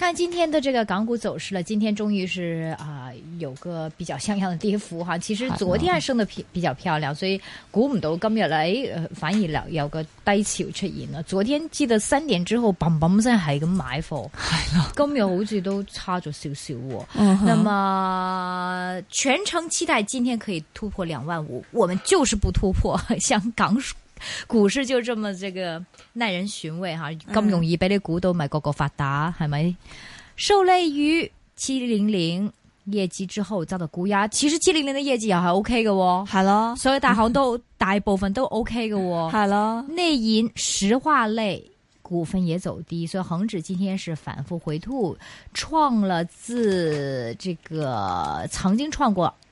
看今天的這個港股走勢了，今天終於是啊、呃、有個比較像樣的跌幅哈。其實昨天升得漂比，比較漂亮，所以估唔到今日嚟、呃、反而有有個低潮出現了。昨天記得三點之後嘣嘣聲係咁買貨，棒棒 今日好似都差咗少少喎。 那麼全程期待今天可以突破兩萬五，我們就是不突破，像港股市就這麼這個耐人尋味哈，咁容易俾你估到咪個個發達係咪？嗯？受累於七零零業績之後遭到估壓，其實七零零的業績又係 O K 嘅，係咯、okay 哦。Hello? 所以大行都 大部分都 O K 嘅，係咯。內銀石化類股份也走低，所以恒指今天是反覆回吐，創了自這個曾經創過。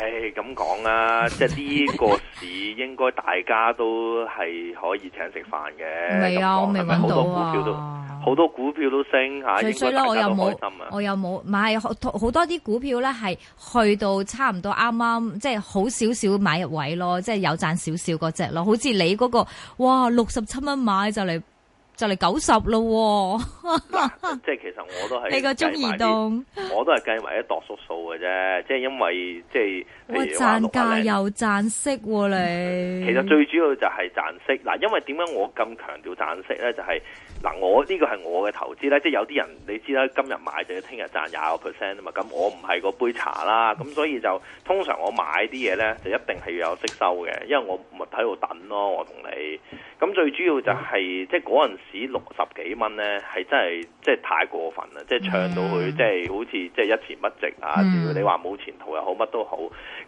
誒，咁講啊， 即係呢個市應該大家都係可以請食飯嘅。未 啊，係咪我未揾到啊？好多股票都好多股票都升吓，最衰啦、應該都開心啊、我又冇，我又冇買，好多啲股票咧係去到差唔多啱啱，即係好少少買入位咯，即係有賺少少嗰隻咯。好似你嗰個，哇，六十七蚊買就嚟～就嚟九十咯！喎，即係、哦、 其實我都係你個中移動，我都係計埋一檔縮數嘅啫，即係因為即係哇，賺價又賺息，啊你，你其實最主要就係賺息。嗱，因為點解我咁強調賺息咧？就係、是。嗱、啊，我呢、這個係我嘅投資咧，即係有啲人你知啦，今日買就要聽日賺廿個 percent 啊嘛。咁我唔係嗰杯茶啦，咁所以就通常我買啲嘢咧就一定係要有息收嘅，因為我咪喺度等咯。我同你，咁最主要就係、是、即係嗰陣時六十幾蚊咧，係真係即係太過分啦，mm. 即係唱到去即係好似即係一錢不值啊！Mm. 你話冇前途又好乜都好，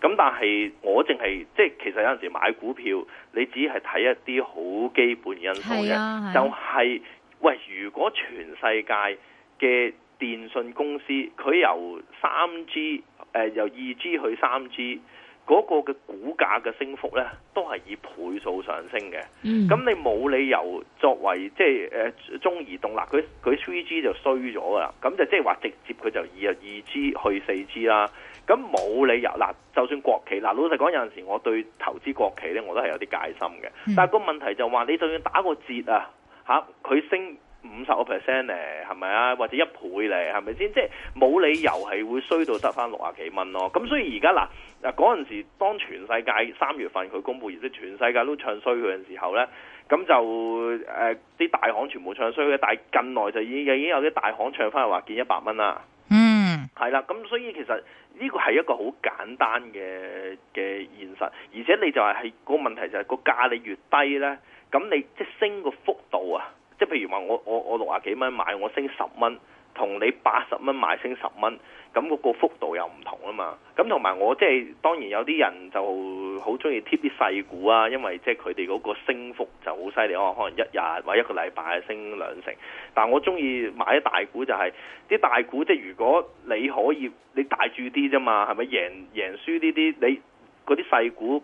咁但係我淨係即係其實有陣時買股票，你只係睇一啲好基本因素啫、啊啊，就係、是。喂，如果全世界嘅電信公司，佢由三 G 誒由二 G 去三 G 嗰個嘅股價嘅升幅咧，都係以倍數上升嘅。咁、mm. 你冇理由作為即係誒中移動啦，佢佢三 G 就衰咗噶啦，咁就即係話直接佢就二啊二 G 去四 G 啦。咁冇理由嗱，就算國企嗱，老實講有陣時我對投資國企咧，我都係有啲戒心嘅。Mm. 但係個問題就係話，你就算打個折啊～吓，佢升五十個 percent 咧，係咪啊？或者一倍咧，係咪先？即係冇理由係會衰到得翻六啊幾蚊咯。咁所以而家嗱嗱嗰陣時，當全世界三月份佢公布業績，全世界都唱衰佢嘅時候咧，咁就誒啲、呃、大行全部唱衰佢。但係近來就已已經有啲大行唱翻話見一百蚊啦。嗯，係啦。咁所以其實呢個係一個好簡單嘅嘅現實，而且你就係、是、係、那個問題就係、是、個價你越低咧。咁你即係升個幅度啊！即係譬如話我我我六啊幾蚊買，我升十蚊，同你八十蚊買升十蚊，咁個個幅度又唔同啊嘛！咁同埋我即係當然有啲人就好中意貼啲細股啊，因為即係佢哋嗰個升幅就好犀利啊，可能一日或一個禮拜升兩成。但我中意買一大股、就係，就係啲大股即係如果你可以你大住啲啫嘛，係咪贏贏輸呢啲？你嗰啲細股。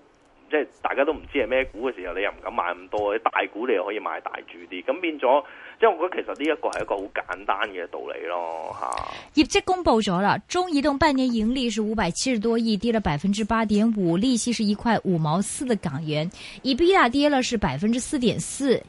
即係大家都唔知係咩股嘅時候，你又唔敢買咁多，大股你又可以買大注啲，咁變咗，即係我覺得其實呢一個係一個好簡單嘅道理咯。業績公佈咗啦，中移動半年盈利是五百七十多億，跌了百分之八點五，利息是一塊五毛四嘅港元，EBITDA 跌了是百分之四點四。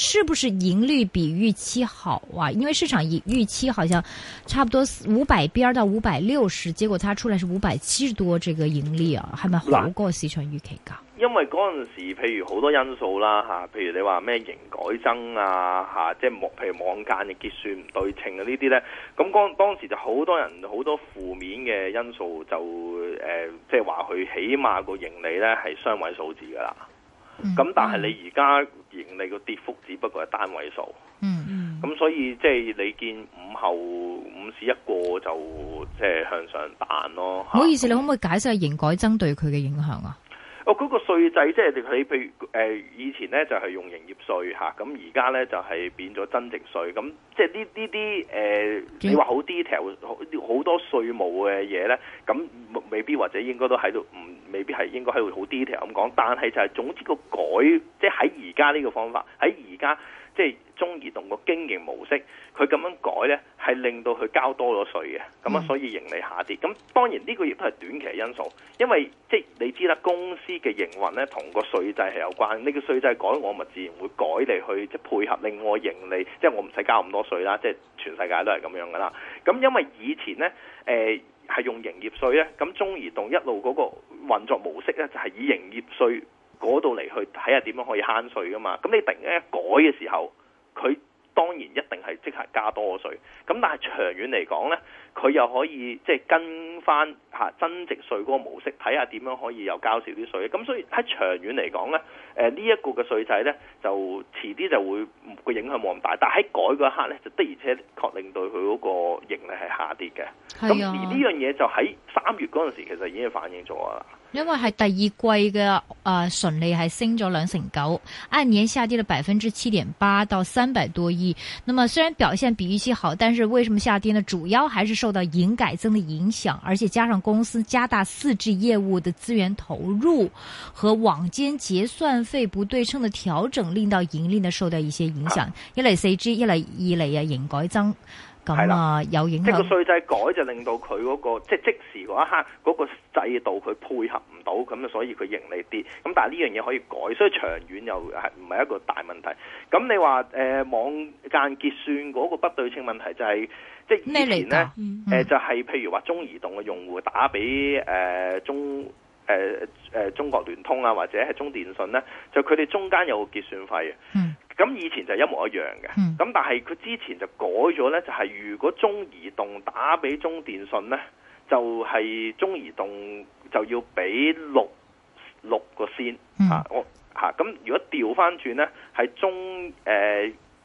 是不是盈利比預期好啊？因為市場預期好像差不多五百邊到五百六十，結果佢出來是五百七十多，這個盈利啊，係咪好過市場預期噶？因為嗰陣時，譬如好多因素啦吓，譬如你話咩營改增啊吓，即係網譬如網間嘅結算唔對稱啊呢啲咧，咁當當時就好多人好多負面嘅因素就，就、呃、誒即係話佢起碼個盈利咧係雙位數字噶啦，咁、嗯、但係你而家。嗯盈利個跌幅只不過係單位數，嗯嗯，咁所以即係你見午後午市一過就即係向上彈咯。唔好意思，你可唔可以解釋下營改增對佢嘅影響啊？哦、那個就是，嗰個稅制即係你譬如誒、呃、以前咧就係用營業稅嚇，咁而家咧就係變咗增值稅，咁即係呢呢啲誒你話好 detail 好好多稅務嘅嘢咧，咁未必或者應該都喺度唔。未必係應該喺度好 detail 咁講，但係就係總之個改，即係喺而家呢個方法，喺而家即係中移動個經營模式，佢咁樣改呢，係令到佢交多咗稅嘅，咁啊，所以盈利下跌。咁當然呢個亦都係短期因素，因為即係、就是、你知啦，公司嘅營運呢，同個稅制係有關，呢個稅制改，我咪自然會改嚟去即係、就是、配合，另外盈利，即、就、係、是、我唔使交咁多稅啦。即、就、係、是、全世界都係咁樣噶啦。咁因為以前呢，誒、呃、係用營業稅呢，咁中移動一路嗰、那個。運作模式咧就係、是、以營業稅嗰度嚟去睇下點樣可以慳稅噶嘛，咁你突然間一改嘅時候，佢當然一定係即刻加多個稅。咁但係長遠嚟講咧，佢又可以即係、就是、跟返吓增值稅嗰個模式，睇下點樣可以又交少啲稅。咁所以喺長遠嚟講咧，誒、呃、呢一個嘅稅制咧就遲啲就會個影響冇咁大。但係喺改嗰一刻咧，就的而且確令到佢嗰個盈利係下跌嘅。咁而呢樣嘢就喺三月嗰陣時候其實已經反映咗啦。另外還一一個，係第二季嘅啊，純利係升咗兩成九，按年下跌了百分之七點八到三百多億。那麼雖然表現比預期好，但是為什麼下跌呢？主要還是受到營改增的影響，而且加上公司加大四 G 業務嘅資源投入和網間結算費不對稱嘅調整，令到盈利呢受到一些影響。啊、一嚟四 G，一嚟二嚟啊營改增。係啦、啊，有影響。即係個稅制改就令到佢嗰、那個，即係即時嗰一刻嗰個制度佢配合唔到，咁所以佢盈利跌。咁但係呢樣嘢可以改，所以長遠又係唔係一個大問題。咁你話誒、呃、網間結算嗰個不對稱問題就係、是，即係以前咧誒、呃、就係、是、譬如話中移動嘅用戶打俾誒、呃、中誒誒、呃、中國聯通啊或者係中電信咧，就佢哋中間有個結算費嘅。嗯咁以前就一模一樣嘅，咁但係佢之前就改咗呢，就係如果中移動打俾中電信呢，就係、是、中移動就要俾六六個先。嗯、啊，我、啊、嚇，咁如果調翻轉呢，係中誒、呃、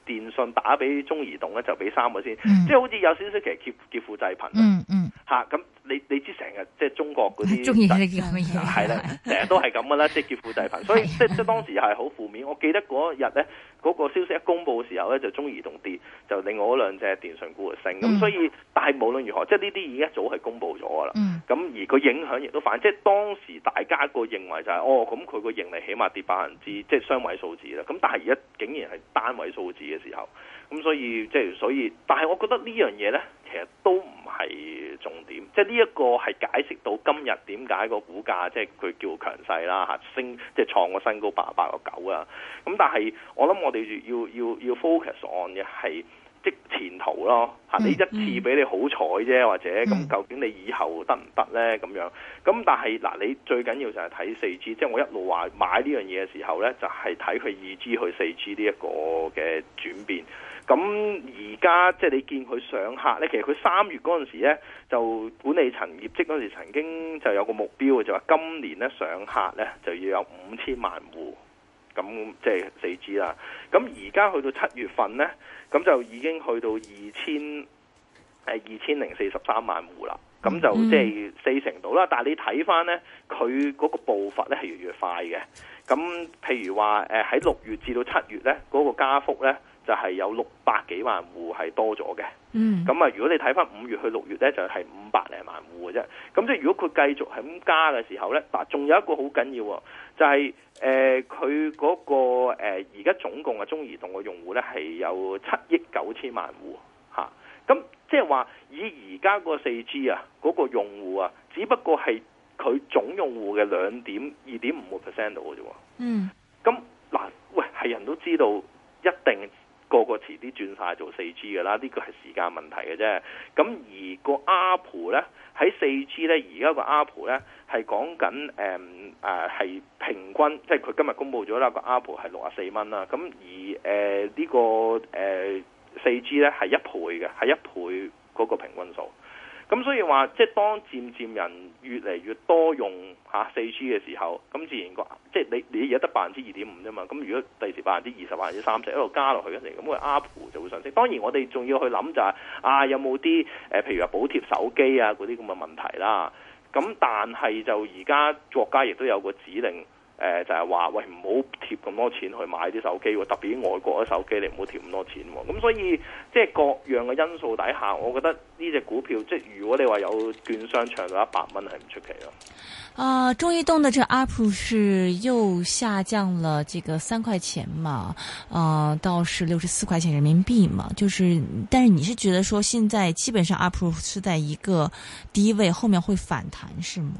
電信打俾中移動呢，就俾三個先。即、嗯、係好似有少少其實劫劫富濟貧。嗯嗯。啊，咁你你知成日即係中國嗰啲，中意呢啲咁嘅嘢，係啦，成日都係咁噶啦，即係劫富濟貧， 所以即 即當時係好負面。我記得嗰日咧，嗰、那個消息一公布嘅時候咧，就中移動跌，就另外嗰兩隻電信股就升。咁所以，嗯、但係無論如何，即係呢啲已經一早係公布咗噶啦。咁、嗯、而個影響亦都反，映，即係當時大家個認為就係、是、哦，咁佢個盈利起碼跌百分之，即、就、係、是、雙位數字啦。咁但係而家竟然係單位數字嘅時候，咁所以即係、就是、所以，但係我覺得這呢樣嘢咧。其實都唔係重點，即係呢一個係解釋到今日點解個股價即係佢叫強勢啦吓，升即係創個新高八百個九啊。咁但係我諗我哋要要要 focus on 嘅係即前途咯吓，呢一次俾你好彩啫，或者咁究竟你以後得唔得咧？咁樣咁但係嗱，你最緊要就係睇四 G，即係我一路話買呢樣嘢嘅時候咧，就係睇佢二 G 去四 G 呢一個嘅轉變。咁而家即係你見佢上客咧，其實佢三月嗰陣時咧就管理層業績嗰、就是、時曾經就有個目標嘅，就話、是、今年咧上客咧就要有五千萬戶，咁即係四 G 啦。咁而家去到七月份咧，咁就已經去到二千誒二千零四十三萬戶啦。咁就即係四成度啦。但係你睇翻咧，佢嗰個步伐咧係越嚟越快嘅。咁譬如話誒喺六月至到七月咧，嗰、那個加幅咧。就係有六百幾萬戶係多咗嘅，咁啊，如果你睇翻五月去六月咧，就係五百零萬戶嘅啫。咁即係如果佢繼續係咁加嘅時候咧，嗱，仲有一個好緊要，就係誒佢嗰個誒而家總共嘅中移動嘅用戶咧係有七億九千萬戶嚇。咁即係話以而家個四 G 啊，嗰個用戶啊，只不過係佢總用戶嘅兩點二點五個 percent 度嘅啫。嗯，咁嗱，喂，係人都知道一定。個個遲啲轉晒做四 G 嘅啦，呢個係時間問題嘅啫。咁而個阿蒲咧喺四 G 咧，而家個阿蒲咧係講緊誒誒，係平均，即係佢今日公佈咗啦，個阿蒲係六十四蚊啦。咁而誒呢個誒四 G 咧係一倍嘅，係一倍嗰個平均數。咁、嗯、所以話，即係當漸漸人越嚟越多用嚇、啊、4G 嘅時候，咁自然個即係你你而家得百分之二點五啫嘛，咁如果第時百分之二十、百分之三十一路加落去嗰陣，咁個 App 就會上升。當然我哋仲要去諗就係、是、啊，有冇啲誒譬如話補貼手機啊嗰啲咁嘅問題啦。咁但係就而家國家亦都有個指令。誒、呃、就係、是、話，喂唔好貼咁多錢去買啲手機喎，特別啲外國嘅手機你唔好貼咁多錢喎。咁、嗯、所以即係各樣嘅因素底下，我覺得呢隻股票即如果你話有券商長嘅、呃、一百蚊係唔出奇咯。啊，中移動嘅這阿普是又下降了這個三塊錢嘛？啊、呃，到是六十四塊錢人民幣嘛？就是，但是你是覺得說，現在基本上阿普是在一個低位，後面會反彈是嗎？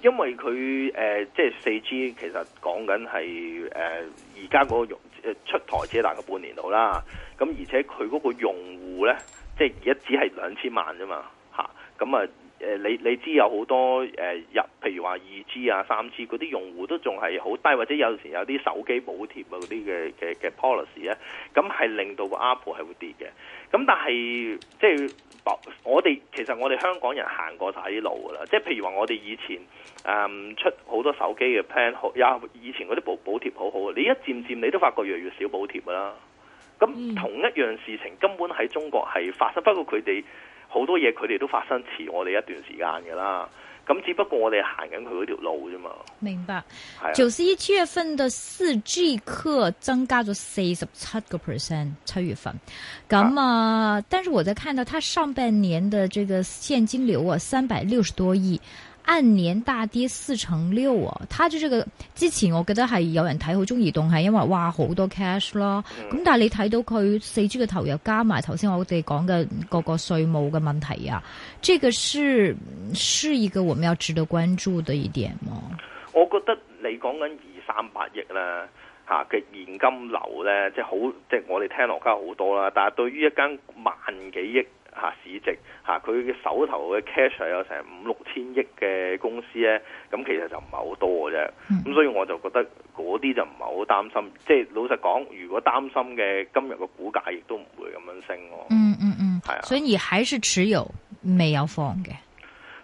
因為佢誒、呃、即係四 G 其實講緊係誒而家嗰個用誒出台只大個半年度啦，咁、嗯、而且佢嗰個用戶咧，即係而家只係兩千萬啫嘛，嚇咁啊誒、嗯、你你知有好多誒入、呃、譬如話二 G 啊、三 G 嗰啲用戶都仲係好低，或者有時有啲手機補貼啊嗰啲嘅嘅嘅 policy 咧，咁、嗯、係令到個 Apple 係會跌嘅，咁、嗯、但係即係。我哋其實我哋香港人行過曬啲路噶啦，即係譬如話我哋以前誒、嗯、出好多手機嘅 plan，有以前嗰啲補補貼好好，你一漸漸你都發覺越嚟越少補貼啦。咁同一樣事情根本喺中國係發生，不過佢哋好多嘢佢哋都發生遲我哋一段時間嘅啦。咁只不過我哋行緊佢嗰條路啫嘛。明白。九十一七月份的四 G 客增加咗四十七個 percent 七月份。咁啊,啊，但是我在看到他上半年的這個現金流啊，三百六十多億。按年大跌四成六啊！他就這個之前，我記得係有人睇好中移動，係因為哇好多 cash 咯。咁、嗯、但係你睇到佢四 G 嘅投入加埋，頭先我哋講嘅個個稅務嘅問題啊，這個是是一個我們要值得關注的一點咯、啊。我覺得你講緊二三百億啦，吓、啊、嘅現金流咧，即係好，即係我哋聽落梗好多啦。但係對於一間萬幾億。吓、啊、市值吓佢嘅手頭嘅 cash 有成五六千億嘅公司咧，咁其實就唔係好多嘅啫。咁、嗯、所以我就覺得嗰啲就唔係好擔心。即、就、係、是、老實講，如果擔心嘅今日嘅股價亦都唔會咁樣升咯。嗯嗯嗯，係、嗯、啊。所以你還是持有未有放嘅？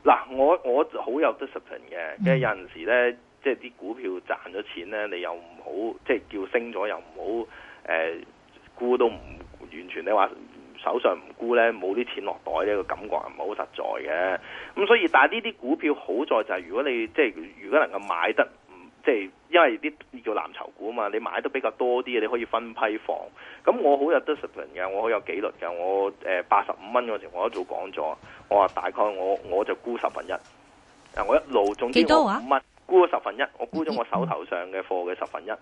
嗱、嗯，我我好有 discipline 嘅，即係有陣時咧，即係啲股票賺咗錢咧，你又唔好即係叫升咗又唔好誒沽、呃、都唔完全你話。手上唔沽呢，冇啲錢落袋呢、個感覺係唔係好實在嘅？咁所以，但係呢啲股票好在就係，如果你即係如果能夠買得，即係因為啲叫藍籌股啊嘛，你買得比較多啲，你可以分批放。咁我好有 discipline 嘅，我好有紀律嘅，我誒八十五蚊嗰時我一早講咗，我話大概我我就沽十分一。我一路總之我五蚊沽咗十分一，我沽咗我手頭上嘅貨嘅十分一。咁、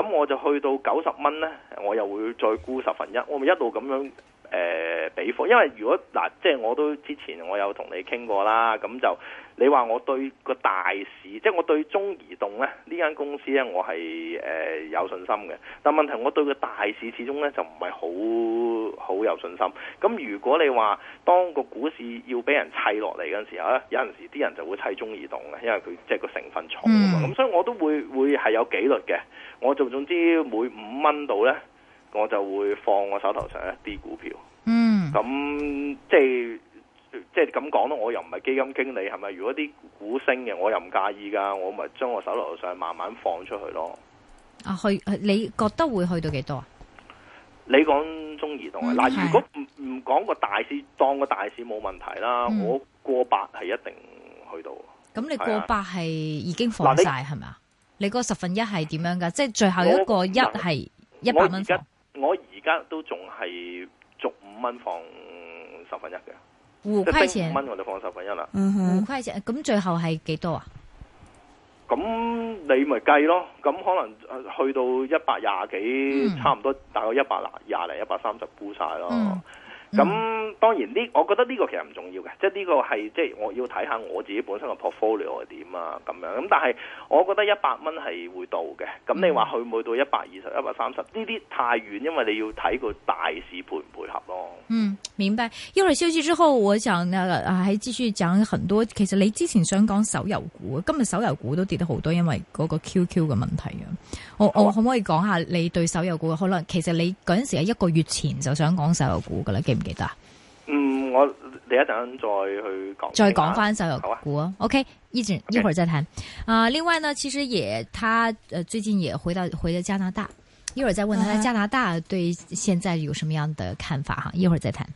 嗯、我就去到九十蚊呢，我又會再沽十分一。我咪一路咁樣。樣。誒、呃，俾貨，因為如果嗱，即係我都之前我有同你傾過啦，咁就你話我對個大市，即係我對中移動咧呢間公司咧，我係誒、呃、有信心嘅。但問題我對個大市始終咧就唔係好好有信心。咁如果你話當個股市要俾人砌落嚟嗰陣時候咧，有陣時啲人就會砌中移動嘅，因為佢即係個成分重嘛。咁、嗯、所以我都會會係有紀律嘅。我做總之每五蚊度咧。我就會放我手頭上一啲股票，咁即係即係咁講咯。我又唔係基金經理，係咪？如果啲股升嘅，我又唔介意噶，我咪將我手頭上慢慢放出去咯。啊去，你覺得會去到幾多啊？你講中移動，嗱、嗯啊，如果唔唔講個大市，當個大市冇問題啦、嗯。我過百係一定去到。咁、嗯啊、你過百係已經放晒，係、啊、咪？你個十分一係點樣噶？即係最後一個一係一百蚊。我而家都仲係逐五蚊放十分一嘅，唔虧錢。五蚊我哋放十分一啦，唔虧錢。咁、嗯、最後係幾多啊？咁你咪計咯。咁可能去到一百廿幾，嗯、差唔多大概一百廿零、一百三十沽晒咯。咁、嗯、當然呢，我覺得呢個其實唔重要嘅，即係呢個係即係我要睇下我自己本身嘅 portfolio 係點啊咁樣。咁但係我覺得一百蚊係會到嘅。咁你話去唔去到一百二十、一百三十？呢啲太遠，因為你要睇個大市配唔配合咯。嗯，明白。因為消息之後，我想喺之處講很多。其實你之前想講手遊股，今日手遊股都跌得好多，因為嗰個 QQ 嘅問題啊。我好我，我可唔可以講下你對手遊股？可能其實你嗰陣時係一個月前就想講手遊股㗎啦。記得、啊，嗯，我你一陣再去講，再講翻石油股啊。OK，一陣一會兒再談。Okay. 啊，另外呢，其實也他，呃最近也回到回了加拿大，一會兒再問他，uh, 他加拿大對現在有什麼樣的看法？哈，一會兒再談。